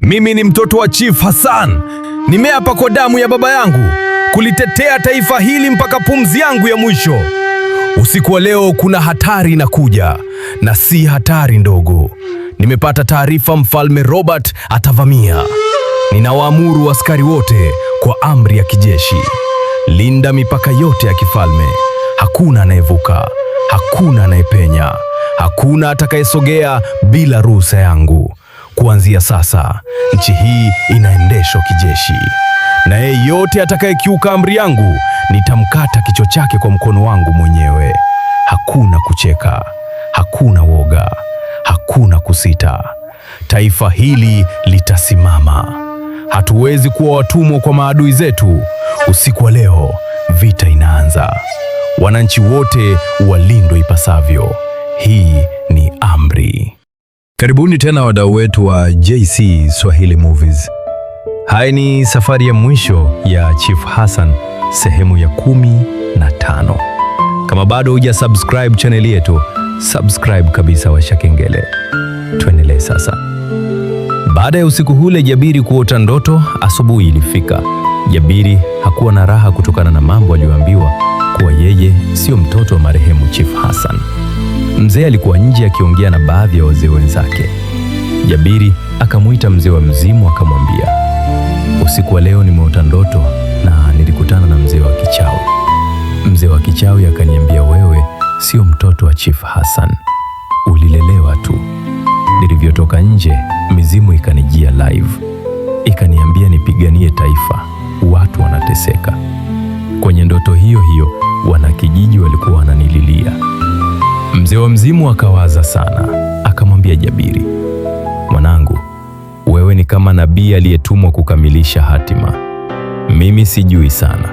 Mimi ni mtoto wa Chief Hassan, nimeapa kwa damu ya baba yangu kulitetea taifa hili mpaka pumzi yangu ya mwisho. Usiku wa leo kuna hatari inakuja, na si hatari ndogo. Nimepata taarifa Mfalme Robert atavamia. Ninawaamuru askari wote kwa amri ya kijeshi, linda mipaka yote ya kifalme. Hakuna anayevuka, hakuna anayepenya, hakuna atakayesogea bila ruhusa yangu. Kuanzia sasa nchi hii inaendeshwa kijeshi, na yeyote atakayekiuka amri yangu nitamkata kichwa chake kwa mkono wangu mwenyewe. Hakuna kucheka, hakuna woga, hakuna kusita. Taifa hili litasimama. Hatuwezi kuwa watumwa kwa maadui zetu. Usiku wa leo vita inaanza. Wananchi wote walindwe ipasavyo. Hii ni Karibuni tena wadau wetu wa JC Swahili Movies. Hai ni safari ya mwisho ya Chief Hassan sehemu ya kumi na tano. Kama bado huja subscribe channel yetu, subscribe kabisa, washa kengele. Tuendelee sasa. Baada ya usiku hule Jabiri kuota ndoto, asubuhi ilifika. Jabiri hakuwa na raha kutokana na mambo aliyoambiwa kuwa yeye sio mtoto wa marehemu Chief Hassan. Mzee alikuwa nje akiongea na baadhi ya wazee wenzake. Jabiri akamwita mzee wa mzimu akamwambia, usiku wa leo nimeota ndoto na nilikutana na mzee wa kichawi. Mzee wa kichawi akaniambia, wewe sio mtoto wa Chief Hassan, ulilelewa tu. Nilivyotoka nje, mizimu ikanijia live, ikaniambia nipiganie taifa, watu wanateseka. Kwenye ndoto hiyo hiyo wanakijiji walikuwa Mzee wa mzimu akawaza sana, akamwambia Jabiri, mwanangu, wewe ni kama nabii aliyetumwa kukamilisha hatima. Mimi sijui sana,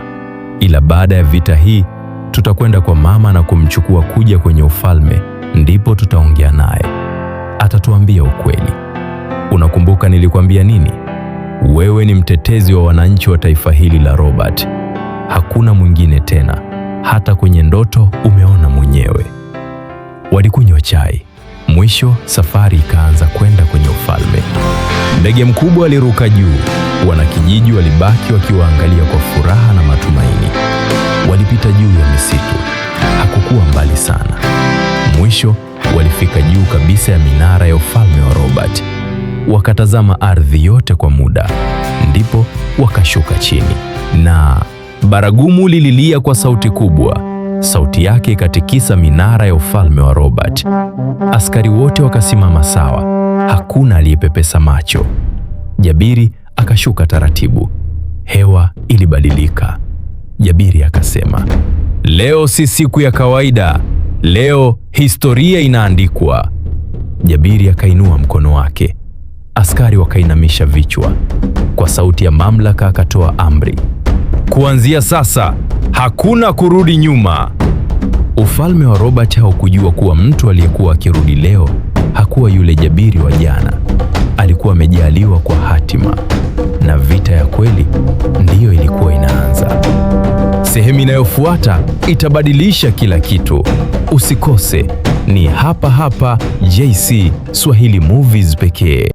ila baada ya vita hii tutakwenda kwa mama na kumchukua kuja kwenye ufalme, ndipo tutaongea naye, atatuambia ukweli. Unakumbuka nilikwambia nini? Wewe ni mtetezi wa wananchi wa taifa hili la Robert, hakuna mwingine tena, hata kwenye ndoto umeona mwenyewe walikunywa chai. Mwisho safari ikaanza kwenda kwenye ufalme. Ndege mkubwa aliruka juu, wanakijiji walibaki wakiwaangalia kwa furaha na matumaini. Walipita juu ya misitu, hakukuwa mbali sana. Mwisho walifika juu kabisa ya minara ya ufalme wa Robert. Wakatazama ardhi yote kwa muda, ndipo wakashuka chini na baragumu lililia kwa sauti kubwa sauti yake ikatikisa minara ya ufalme wa Robert. Askari wote wakasimama sawa, hakuna aliyepepesa macho. Jabiri akashuka taratibu, hewa ilibadilika. Jabiri akasema, leo si siku ya kawaida, leo historia inaandikwa. Jabiri akainua mkono wake, askari wakainamisha vichwa. Kwa sauti ya mamlaka akatoa amri, kuanzia sasa Hakuna kurudi nyuma. Ufalme wa Robert haukujua kuwa mtu aliyekuwa akirudi leo hakuwa yule Jabiri wa jana. Alikuwa amejaliwa kwa hatima, na vita ya kweli ndiyo ilikuwa inaanza. Sehemu inayofuata itabadilisha kila kitu. Usikose, ni hapa hapa JC Swahili Movies pekee.